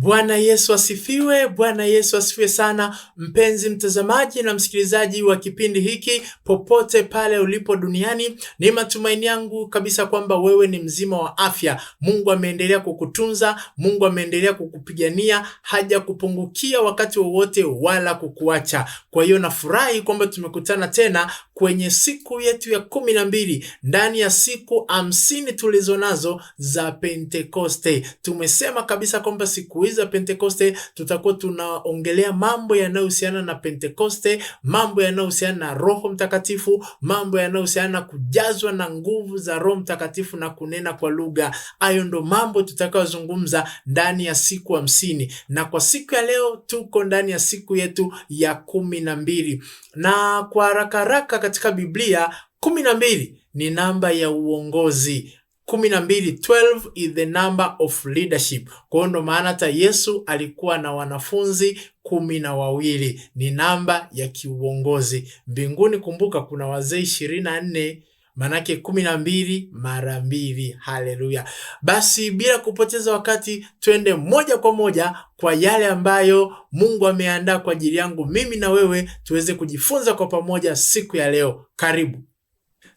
Bwana Yesu asifiwe. Bwana Yesu asifiwe sana, mpenzi mtazamaji na msikilizaji wa kipindi hiki, popote pale ulipo duniani, ni matumaini yangu kabisa kwamba wewe ni mzima wa afya. Mungu ameendelea kukutunza, Mungu ameendelea kukupigania, haja kupungukia wakati wowote wala kukuacha. Kwa hiyo nafurahi kwamba tumekutana tena kwenye siku yetu ya kumi na mbili ndani ya siku hamsini tulizo nazo za Pentekoste. Tumesema kabisa kwamba siku hizi za Pentekoste tutakuwa tunaongelea mambo yanayohusiana na Pentekoste, mambo yanayohusiana na Roho Mtakatifu, mambo yanayohusiana na kujazwa na nguvu za Roho Mtakatifu na kunena kwa lugha. Hayo ndo mambo tutakayozungumza ndani ya siku hamsini, na kwa siku ya leo tuko ndani ya siku yetu ya kumi na mbili na kwa haraka haraka katika Biblia kumi na mbili ni namba ya uongozi. Kumi na mbili, 12 is the number of leadership. Kwa hiyo ndo maana hata Yesu alikuwa na wanafunzi kumi na wawili, ni namba ya kiuongozi. Mbinguni kumbuka kuna wazee ishirini na nne Manake kumi na mbili mara mbili. Haleluya! Basi bila kupoteza wakati, twende moja kwa moja kwa yale ambayo Mungu ameandaa kwa ajili yangu mimi na wewe tuweze kujifunza kwa pamoja siku ya leo. Karibu.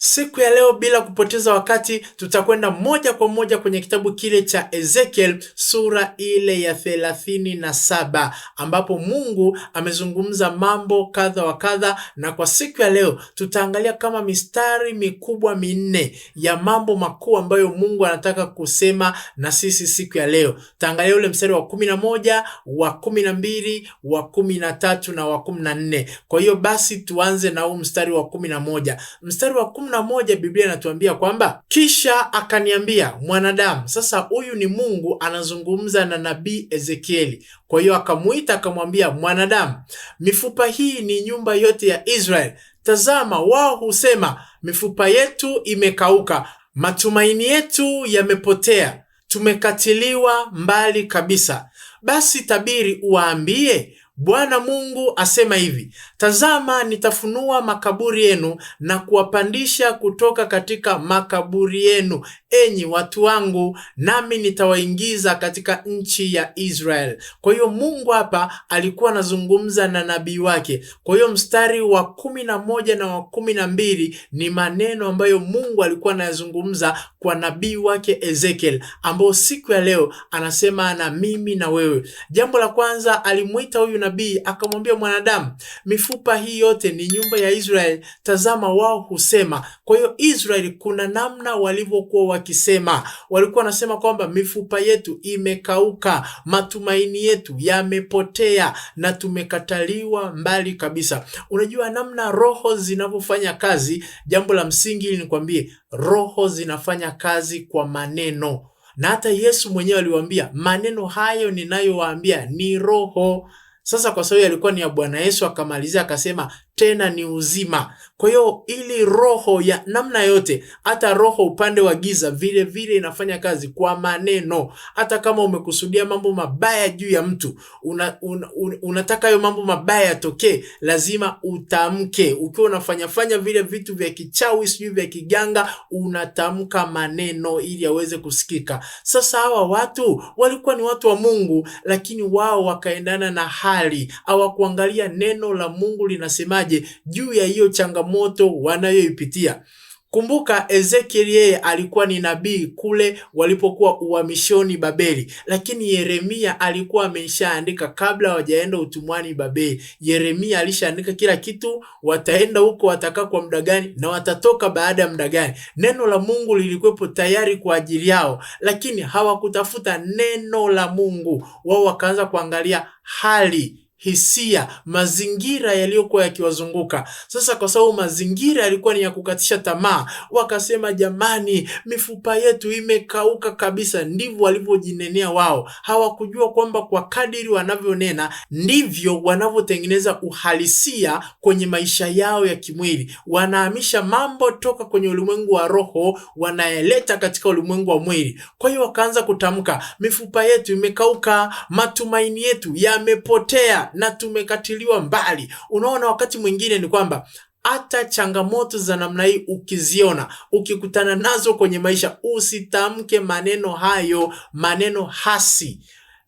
Siku ya leo bila kupoteza wakati, tutakwenda moja kwa moja kwenye kitabu kile cha Ezekiel sura ile ya thelathini na saba ambapo Mungu amezungumza mambo kadha wa kadha, na kwa siku ya leo tutaangalia kama mistari mikubwa minne ya mambo makuu ambayo Mungu anataka kusema na sisi siku ya leo. Tutaangalia ule mstari wa kumi na moja wa kumi na mbili wa kumi na tatu na wa kumi na nne. Kwa hiyo basi tuanze na huu mstari wa kumi na moja mstari wa kumi kumi na moja Biblia inatuambia kwamba kisha akaniambia, mwanadamu. Sasa huyu ni Mungu anazungumza na nabii Ezekieli. Kwa hiyo akamuita akamwambia, mwanadamu, mifupa hii ni nyumba yote ya Israeli. Tazama, wao husema mifupa yetu imekauka, matumaini yetu yamepotea, tumekatiliwa mbali kabisa. Basi tabiri uwaambie Bwana Mungu asema hivi: Tazama, nitafunua makaburi yenu na kuwapandisha kutoka katika makaburi yenu, enyi watu wangu, nami nitawaingiza katika nchi ya Israel. Kwa hiyo Mungu hapa alikuwa anazungumza na nabii wake. Kwa hiyo mstari wa kumi na moja na wa kumi na mbili ni maneno ambayo Mungu alikuwa anayazungumza kwa nabii wake Ezekiel, ambao siku ya leo anasema na mimi na wewe. Jambo la kwanza alimwita huyu nabii akamwambia mwanadamu, mifupa hii yote ni nyumba ya Israeli, tazama wao husema. Kwa hiyo Israeli kuna namna walivyokuwa wakisema, walikuwa wanasema kwamba mifupa yetu imekauka, matumaini yetu yamepotea na tumekataliwa mbali kabisa. Unajua namna roho zinavyofanya kazi. Jambo la msingi ili nikwambie, roho zinafanya kazi kwa maneno na hata Yesu mwenyewe aliwaambia, maneno hayo ninayowaambia ni roho sasa kwa sababu alikuwa ni ya Bwana Yesu, akamalizia akasema tena ni uzima. Kwa hiyo ili roho ya namna yote, hata roho upande wa giza vile vile inafanya kazi kwa maneno. Hata kama umekusudia mambo mabaya juu ya mtu una, una, una, unataka hayo mambo mabaya yatokee, lazima utamke. Ukiwa unafanyafanya vile vitu vya kichawi, sijui vya kiganga, unatamka maneno ili yaweze kusikika. Sasa hawa watu walikuwa ni watu wa Mungu, lakini wao wakaendana na hali, hawakuangalia neno la Mungu linasemaje juu ya hiyo changamoto changamoto wanayoipitia. Kumbuka Ezekiel yeye alikuwa ni nabii kule walipokuwa uhamishoni Babeli, lakini Yeremia alikuwa ameshaandika kabla hawajaenda utumwani Babeli. Yeremia alishaandika kila kitu, wataenda huko watakaa kwa muda gani na watatoka baada ya muda gani. Neno la Mungu lilikuwepo tayari kwa ajili yao, lakini hawakutafuta neno la Mungu. Wao wakaanza kuangalia hali hisia, mazingira yaliyokuwa yakiwazunguka. Sasa kwa sababu mazingira yalikuwa ni ya kukatisha tamaa, wakasema jamani, mifupa yetu imekauka kabisa. Ndivyo walivyojinenea wao, hawakujua kwamba kwa kadiri wanavyonena ndivyo wanavyotengeneza uhalisia kwenye maisha yao ya kimwili. Wanahamisha mambo toka kwenye ulimwengu wa roho, wanayeleta katika ulimwengu wa mwili. Kwa hiyo wakaanza kutamka, mifupa yetu imekauka, matumaini yetu yamepotea na tumekatiliwa mbali. Unaona, wakati mwingine ni kwamba hata changamoto za namna hii ukiziona, ukikutana nazo kwenye maisha, usitamke maneno hayo, maneno hasi.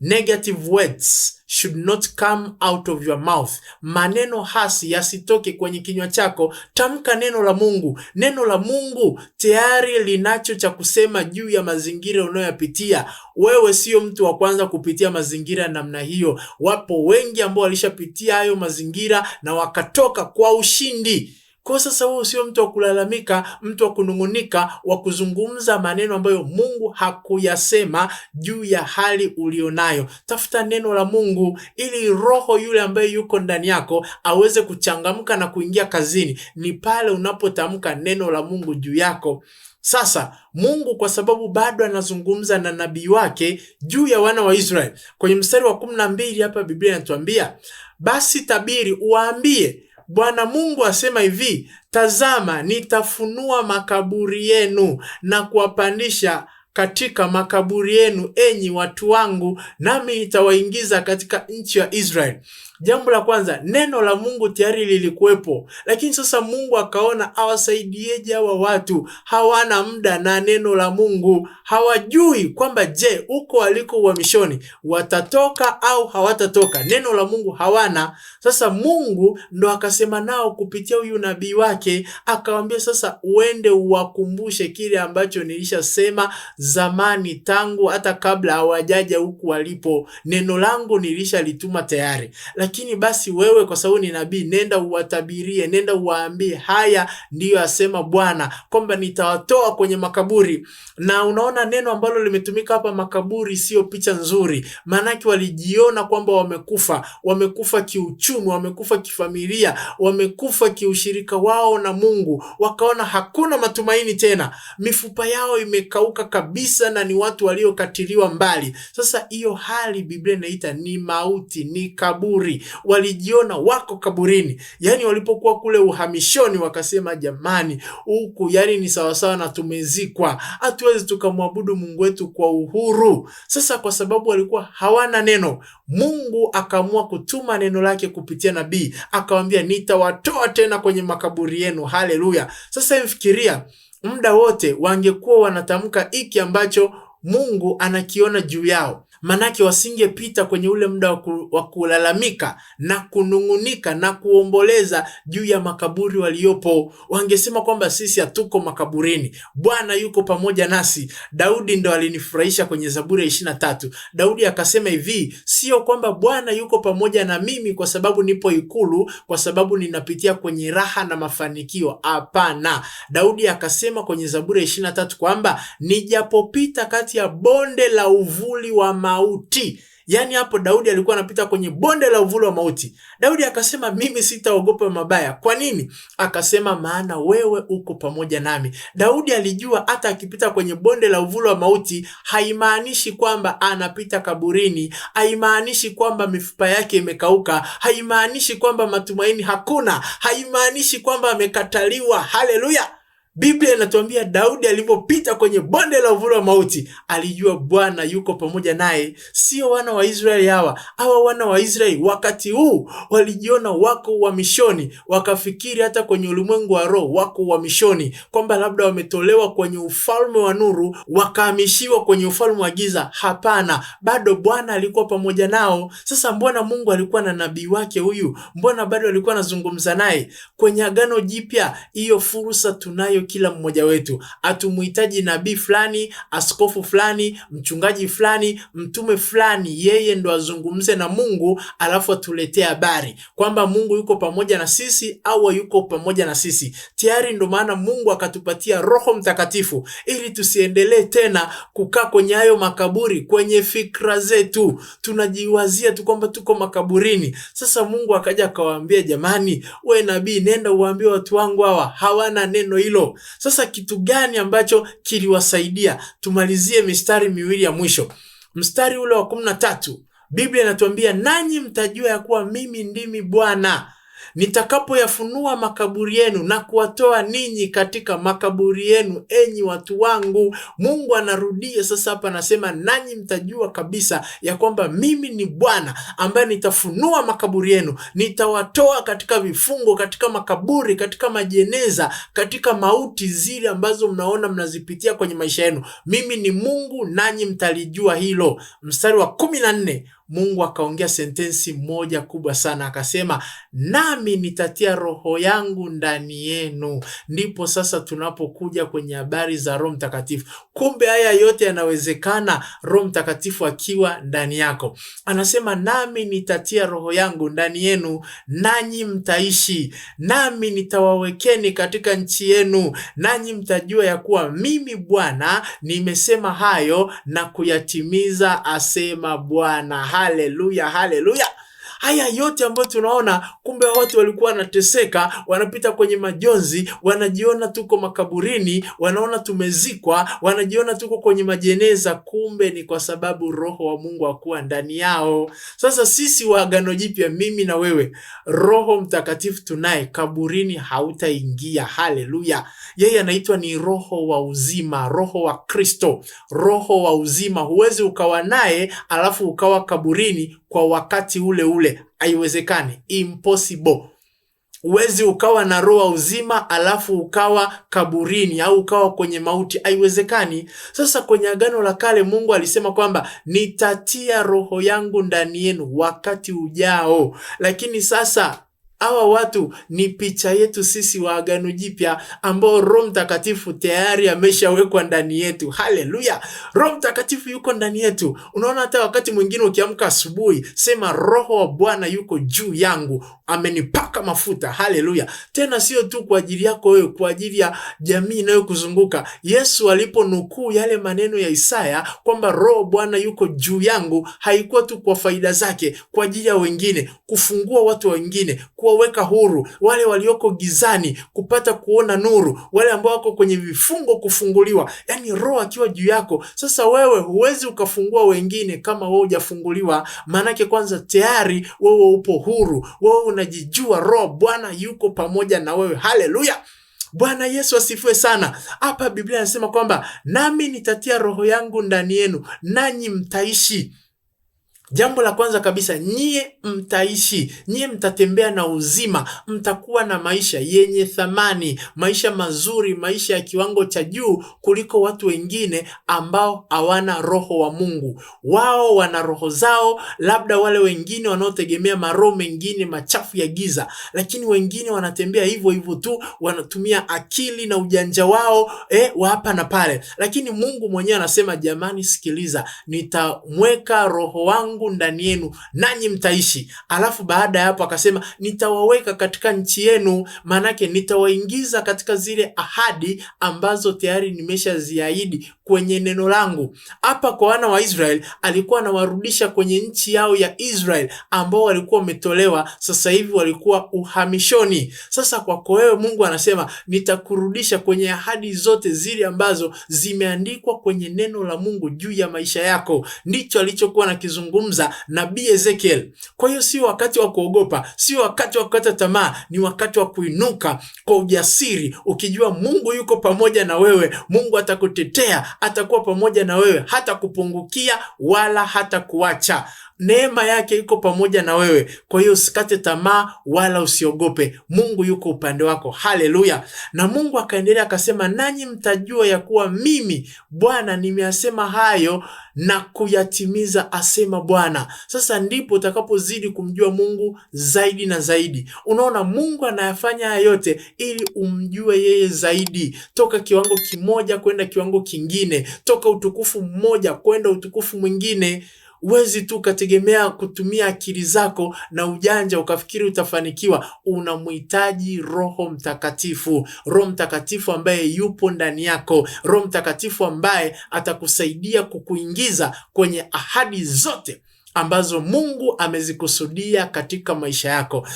Negative words should not come out of your mouth. Maneno hasi yasitoke kwenye kinywa chako. Tamka neno la Mungu. Neno la Mungu tayari linacho cha kusema juu ya mazingira unayoyapitia. Wewe sio mtu wa kwanza kupitia mazingira namna hiyo. Wapo wengi ambao walishapitia hayo mazingira na wakatoka kwa ushindi. Kwa sasa wewe usio mtu wa kulalamika, mtu wa kunung'unika, wa kuzungumza maneno ambayo Mungu hakuyasema juu ya hali ulionayo. Tafuta neno la Mungu ili roho yule ambaye yuko ndani yako aweze kuchangamka na kuingia kazini. Ni pale unapotamka neno la Mungu juu yako. Sasa Mungu kwa sababu bado anazungumza na nabii wake juu ya wana wa Israeli. Kwenye mstari wa kumi na mbili hapa Biblia inatuambia, basi tabiri uwaambie Bwana Mungu asema hivi, tazama nitafunua makaburi yenu na kuwapandisha katika makaburi yenu, enyi watu wangu, nami nitawaingiza katika nchi ya Israeli. Jambo la kwanza, neno la Mungu tayari lilikuwepo, lakini sasa Mungu akaona awasaidieje hawa watu? Hawana muda na neno la Mungu, hawajui kwamba je, huko waliko uhamishoni watatoka au hawatatoka. Neno la Mungu hawana. Sasa Mungu ndo akasema nao kupitia huyu nabii wake, akawambia sasa, uende uwakumbushe kile ambacho nilishasema zamani, tangu hata kabla hawajaja huku walipo. Neno langu nilishalituma tayari, lakini basi wewe, kwa sababu ni nabii, nenda uwatabirie, nenda uwaambie, haya ndiyo asema Bwana kwamba nitawatoa kwenye makaburi. Na unaona neno ambalo limetumika hapa, makaburi, sio picha nzuri, maanake walijiona kwamba wamekufa, wamekufa kiuchumi, wamekufa kifamilia, wamekufa kiushirika wao na Mungu, wakaona hakuna matumaini tena, mifupa yao imekauka kabisa kabisa na ni watu waliokatiliwa mbali. Sasa hiyo hali Biblia inaita ni mauti, ni kaburi. Walijiona wako kaburini, yaani walipokuwa kule uhamishoni wakasema, jamani, huku yani ni sawasawa na tumezikwa, hatuwezi tukamwabudu Mungu wetu kwa uhuru. Sasa kwa sababu walikuwa hawana neno, Mungu akaamua kutuma neno lake kupitia nabii, akawambia nitawatoa tena kwenye makaburi yenu. Haleluya! Sasa mfikiria muda wote wangekuwa wanatamka hiki ambacho Mungu anakiona juu yao, Manake wasingepita kwenye ule muda wa kulalamika na kunung'unika na kuomboleza juu ya makaburi waliopo. Wangesema kwamba sisi hatuko makaburini, Bwana yuko pamoja nasi. Daudi ndo alinifurahisha kwenye Zaburi ya ishirini na tatu. Daudi akasema hivi, sio kwamba Bwana yuko pamoja na mimi kwa sababu nipo ikulu, kwa sababu ninapitia kwenye raha na mafanikio. Hapana, Daudi akasema kwenye Zaburi ya ishirini na tatu kwamba nijapopita kati ya bonde la uvuli wa ma mauti. Yaani hapo Daudi alikuwa anapita kwenye bonde la uvuli wa mauti. Daudi akasema mimi sitaogopa mabaya. Kwa nini? Akasema maana wewe uko pamoja nami. Daudi alijua hata akipita kwenye bonde la uvuli wa mauti haimaanishi kwamba anapita kaburini, haimaanishi kwamba mifupa yake imekauka, haimaanishi kwamba matumaini hakuna, haimaanishi kwamba amekataliwa. Haleluya! Biblia inatuambia Daudi alipopita kwenye bonde la uvuli wa mauti alijua Bwana yuko pamoja naye. Sio wana wa Israeli hawa hawa, wana wa Israeli wakati huu walijiona wako wa mishoni wakafikiri hata kwenye ulimwengu wa roho wako mishoni, kwamba labda wametolewa kwenye ufalme wa nuru wakahamishiwa kwenye ufalme wa giza. Hapana, bado Bwana alikuwa pamoja nao. Sasa mbona Mungu alikuwa na nabii wake huyu, mbona bado alikuwa anazungumza naye? Kwenye agano jipya hiyo fursa tunayo kila mmoja wetu. Hatumuhitaji nabii fulani, askofu fulani, mchungaji fulani, mtume fulani, yeye ndo azungumze na Mungu alafu atuletee habari kwamba Mungu yuko pamoja na sisi au yuko pamoja na sisi tayari. Ndo maana Mungu akatupatia Roho Mtakatifu ili tusiendelee tena kukaa kwenye hayo makaburi, kwenye fikra zetu tunajiwazia tu kwamba tuko makaburini. Sasa Mungu akaja akawaambia, jamani, we nabii, nenda uwaambie watu wangu hawa hawana neno hilo sasa kitu gani ambacho kiliwasaidia? Tumalizie mistari miwili ya mwisho, mstari ule wa kumi na tatu. Biblia inatuambia nanyi mtajua ya kuwa mimi ndimi Bwana nitakapoyafunua makaburi yenu na kuwatoa ninyi katika makaburi yenu, enyi watu wangu. Mungu anarudia sasa hapa, anasema nanyi mtajua kabisa ya kwamba mimi ni Bwana ambaye nitafunua makaburi yenu, nitawatoa katika vifungo, katika makaburi, katika majeneza, katika mauti zile ambazo mnaona mnazipitia kwenye maisha yenu. Mimi ni Mungu nanyi mtalijua hilo. Mstari wa kumi na nne Mungu akaongea sentensi moja kubwa sana, akasema nami nitatia roho yangu ndani yenu. Ndipo sasa tunapokuja kwenye habari za Roho Mtakatifu. Kumbe haya yote yanawezekana Roho Mtakatifu akiwa ndani yako. Anasema nami nitatia roho yangu ndani yenu, nanyi mtaishi, nami nitawawekeni katika nchi yenu, nanyi mtajua ya kuwa mimi Bwana nimesema hayo na kuyatimiza, asema Bwana haleluya, haleluya. Haya yote ambayo tunaona, kumbe watu walikuwa wanateseka, wanapita kwenye majonzi, wanajiona tuko makaburini, wanaona tumezikwa, wanajiona tuko kwenye majeneza, kumbe ni kwa sababu Roho wa Mungu hakuwa ndani yao. Sasa sisi wa Agano Jipya, mimi na wewe, Roho Mtakatifu tunaye, kaburini hautaingia. Haleluya! Yeye anaitwa ni Roho wa uzima, Roho wa Kristo, Roho wa uzima. Huwezi ukawa naye alafu ukawa kaburini kwa wakati ule ule. Haiwezekani, impossible. Huwezi ukawa na roho uzima alafu ukawa kaburini au ukawa kwenye mauti, haiwezekani. Sasa kwenye Agano la Kale Mungu alisema kwamba nitatia roho yangu ndani yenu wakati ujao, lakini sasa Hawa watu ni picha yetu sisi wa Agano Jipya ambao Roho Mtakatifu tayari ameshawekwa ndani yetu. Haleluya! Roho Mtakatifu yuko ndani yetu. Unaona, hata wakati mwingine ukiamka asubuhi, sema Roho wa Bwana yuko juu yangu, amenipaka mafuta. Haleluya! Tena sio tu kwa ajili yako wewe, kwa ajili ya jamii inayokuzunguka. Yesu aliponukuu yale maneno ya Isaya kwamba Roho Bwana yuko juu yangu, haikuwa tu kwa faida zake, kwa ajili ya wengine, kufungua watu wengine, kuwaweka huru wale walioko gizani, kupata kuona nuru, wale ambao wako kwenye vifungo kufunguliwa. yani Roho akiwa juu yako, sasa wewe huwezi ukafungua wengine kama wewe hujafunguliwa, maanake kwanza tayari wewe upo huru, wewe una unajijua, Roho Bwana yuko pamoja na wewe. Haleluya! Bwana Yesu asifiwe sana. Hapa Biblia anasema kwamba nami nitatia roho yangu ndani yenu, nanyi mtaishi. Jambo la kwanza kabisa, nyie mtaishi, nyie mtatembea na uzima, mtakuwa na maisha yenye thamani, maisha mazuri, maisha ya kiwango cha juu kuliko watu wengine ambao hawana roho wa Mungu. Wao wana roho zao, labda wale wengine wanaotegemea maroho mengine machafu ya giza, lakini wengine wanatembea hivyo hivyo tu, wanatumia akili na ujanja wao eh, wa hapa na pale, lakini Mungu mwenyewe anasema, jamani, sikiliza, nitamweka roho wangu Mungu ndani yenu, nanyi mtaishi. Alafu baada ya hapo akasema nitawaweka katika nchi yenu, maanake nitawaingiza katika zile ahadi ambazo tayari nimeshaziahidi kwenye neno langu. Hapa kwa wana wa Israeli alikuwa anawarudisha kwenye nchi yao ya Israeli ambao walikuwa wametolewa, sasa hivi walikuwa uhamishoni. Sasa kwako wewe Mungu anasema nitakurudisha kwenye ahadi zote zile ambazo zimeandikwa kwenye neno la Mungu juu ya maisha yako. Ndicho alichokuwa na kizungumza anazungumza nabii Ezekiel. Kwa hiyo sio wakati wa kuogopa, sio wakati wa kukata tamaa, ni wakati wa kuinuka kwa ujasiri, ukijua Mungu yuko pamoja na wewe. Mungu atakutetea, atakuwa pamoja na wewe, hata kupungukia wala hata kuacha neema yake iko pamoja na wewe. Kwa hiyo usikate tamaa wala usiogope, Mungu yuko upande wako. Haleluya! Na Mungu akaendelea akasema, nanyi mtajua ya kuwa mimi Bwana nimeyasema hayo na kuyatimiza, asema Bwana. Sasa ndipo utakapozidi kumjua Mungu zaidi na zaidi. Unaona, Mungu anayafanya haya yote ili umjue yeye zaidi, toka kiwango kimoja kwenda kiwango kingine, toka utukufu mmoja kwenda utukufu mwingine. Huwezi tu ukategemea kutumia akili zako na ujanja ukafikiri utafanikiwa. Unamhitaji Roho Mtakatifu, Roho Mtakatifu ambaye yupo ndani yako, Roho Mtakatifu ambaye atakusaidia kukuingiza kwenye ahadi zote ambazo Mungu amezikusudia katika maisha yako.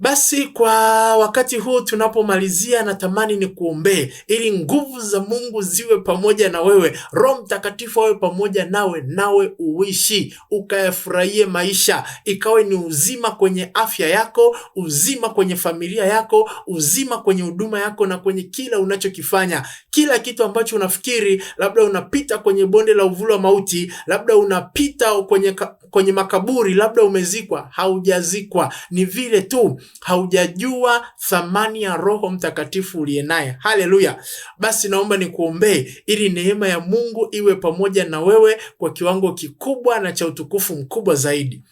Basi kwa wakati huu tunapomalizia, natamani ni kuombee ili nguvu za Mungu ziwe pamoja na wewe, Roho Mtakatifu awe pamoja nawe, nawe uishi ukayafurahie maisha, ikawe ni uzima kwenye afya yako, uzima kwenye familia yako, uzima kwenye huduma yako na kwenye kila unachokifanya kila kitu ambacho unafikiri, labda unapita kwenye bonde la uvuli wa mauti, labda unapita kwenye, kwenye makaburi, labda umezikwa. Haujazikwa, ni vile tu haujajua thamani ya Roho Mtakatifu uliye naye. Haleluya! Basi naomba nikuombee ili neema ya Mungu iwe pamoja na wewe kwa kiwango kikubwa na cha utukufu mkubwa zaidi.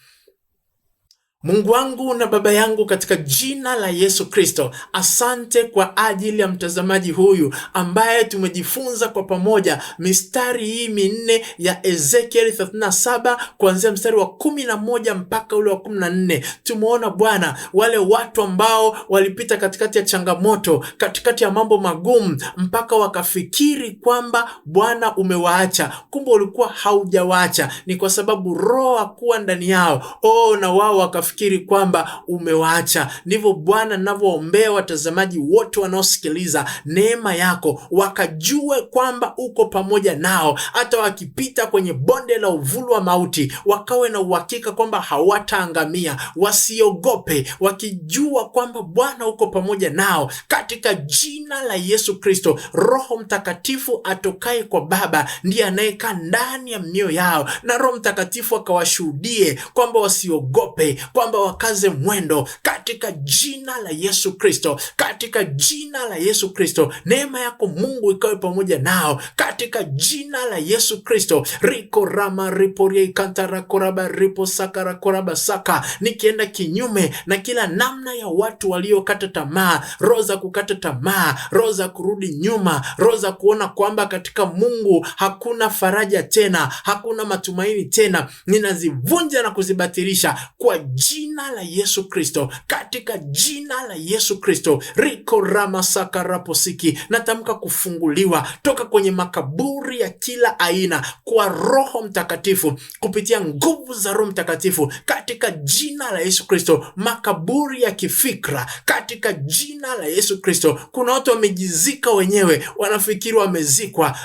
Mungu wangu na Baba yangu katika jina la Yesu Kristo, asante kwa ajili ya mtazamaji huyu ambaye tumejifunza kwa pamoja mistari hii minne ya Ezekieli 37 kuanzia mstari wa 11 moja mpaka ule wa 14. Tumeona Bwana wale watu ambao walipita katikati ya changamoto, katikati ya mambo magumu, mpaka wakafikiri kwamba Bwana umewaacha, kumbe ulikuwa haujawaacha. Ni kwa sababu Roho hakuwa ndani yao. Oh, na wao unafikiri kwamba umewaacha. Ndivyo Bwana navyoombea watazamaji wote wanaosikiliza neema yako, wakajue kwamba uko pamoja nao, hata wakipita kwenye bonde la uvuli wa mauti, wakawe na uhakika kwamba hawataangamia, wasiogope, wakijua kwamba Bwana uko pamoja nao, katika jina la Yesu Kristo. Roho Mtakatifu atokaye kwa Baba ndiye anayekaa ndani ya mioyo yao, na Roho Mtakatifu akawashuhudie kwamba wasiogope kwamba wakaze mwendo katika jina la Yesu Kristo, katika jina la Yesu Kristo. Neema yako Mungu ikawe pamoja nao katika jina la Yesu Kristo. riko rama riporia ikantara koraba ripo sakara koraba saka, nikienda kinyume na kila namna ya watu waliokata tamaa, roho za kukata tamaa, roho za kurudi nyuma, roho za kuona kwamba katika Mungu hakuna faraja tena, hakuna matumaini tena, ninazivunja na kuzibatilisha kwa jina la Yesu Kristo, katika jina la Yesu Kristo riko rama raposiki, natamka kufunguliwa toka kwenye makaburi ya kila aina kwa Roho Mtakatifu kupitia nguvu za Roho Mtakatifu katika jina la Yesu Kristo, makaburi ya kifikra katika jina la Yesu Kristo. Kuna watu wamejizika wenyewe, wanafikiri wamezikwa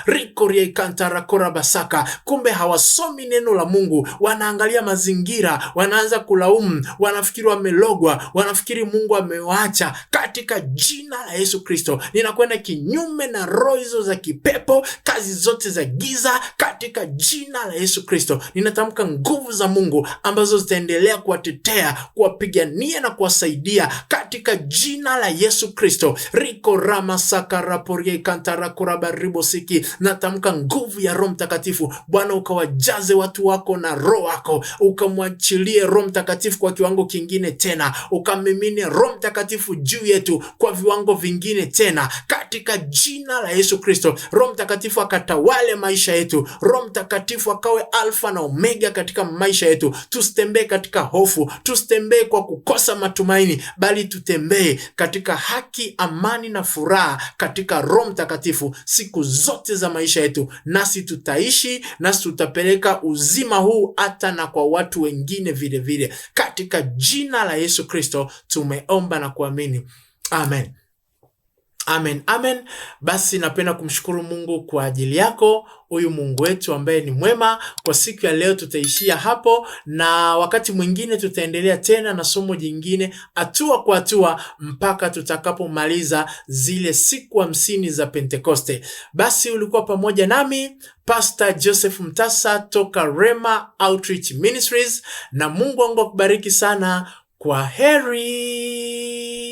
basaka, kumbe hawasomi neno la Mungu, wanaangalia mazingira, wanaanza kulaumu Mm, wanafikiri wamelogwa, wanafikiri Mungu amewaacha. Katika jina la Yesu Kristo, ninakwenda kinyume na roho hizo za kipepo, kazi zote za giza. Katika jina la Yesu Kristo, ninatamka nguvu za Mungu ambazo zitaendelea kuwatetea, kuwapigania na kuwasaidia katika jina la Yesu Kristo. riko rama sakaraporie kantarakorabaribosiki. Natamka nguvu ya Roho Mtakatifu. Bwana, ukawajaze watu wako na roho wako, ukamwachilie Roho Mtakatifu kwa kiwango kingine tena, ukamimine Roho Mtakatifu juu yetu kwa viwango vingine tena, katika jina la Yesu Kristo. Roho Mtakatifu akatawale maisha yetu, Roho Mtakatifu akawe alfa na omega katika maisha yetu. Tusitembee katika hofu, tusitembee kwa kukosa matumaini, bali tutembee katika haki, amani na furaha katika Roho Mtakatifu siku zote za maisha yetu, nasi tutaishi, nasi tutapeleka uzima huu hata na kwa watu wengine vilevile vile katika jina la Yesu Kristo tumeomba na kuamini, amen. Amen, amen. Basi napenda kumshukuru Mungu kwa ajili yako, huyu Mungu wetu ambaye ni mwema. Kwa siku ya leo tutaishia hapo, na wakati mwingine tutaendelea tena na somo jingine, hatua kwa hatua, mpaka tutakapomaliza zile siku hamsini za Pentekoste. Basi ulikuwa pamoja nami Pastor Joseph Mtasa toka Rema Outreach Ministries, na Mungu wangu akubariki sana. Kwa heri.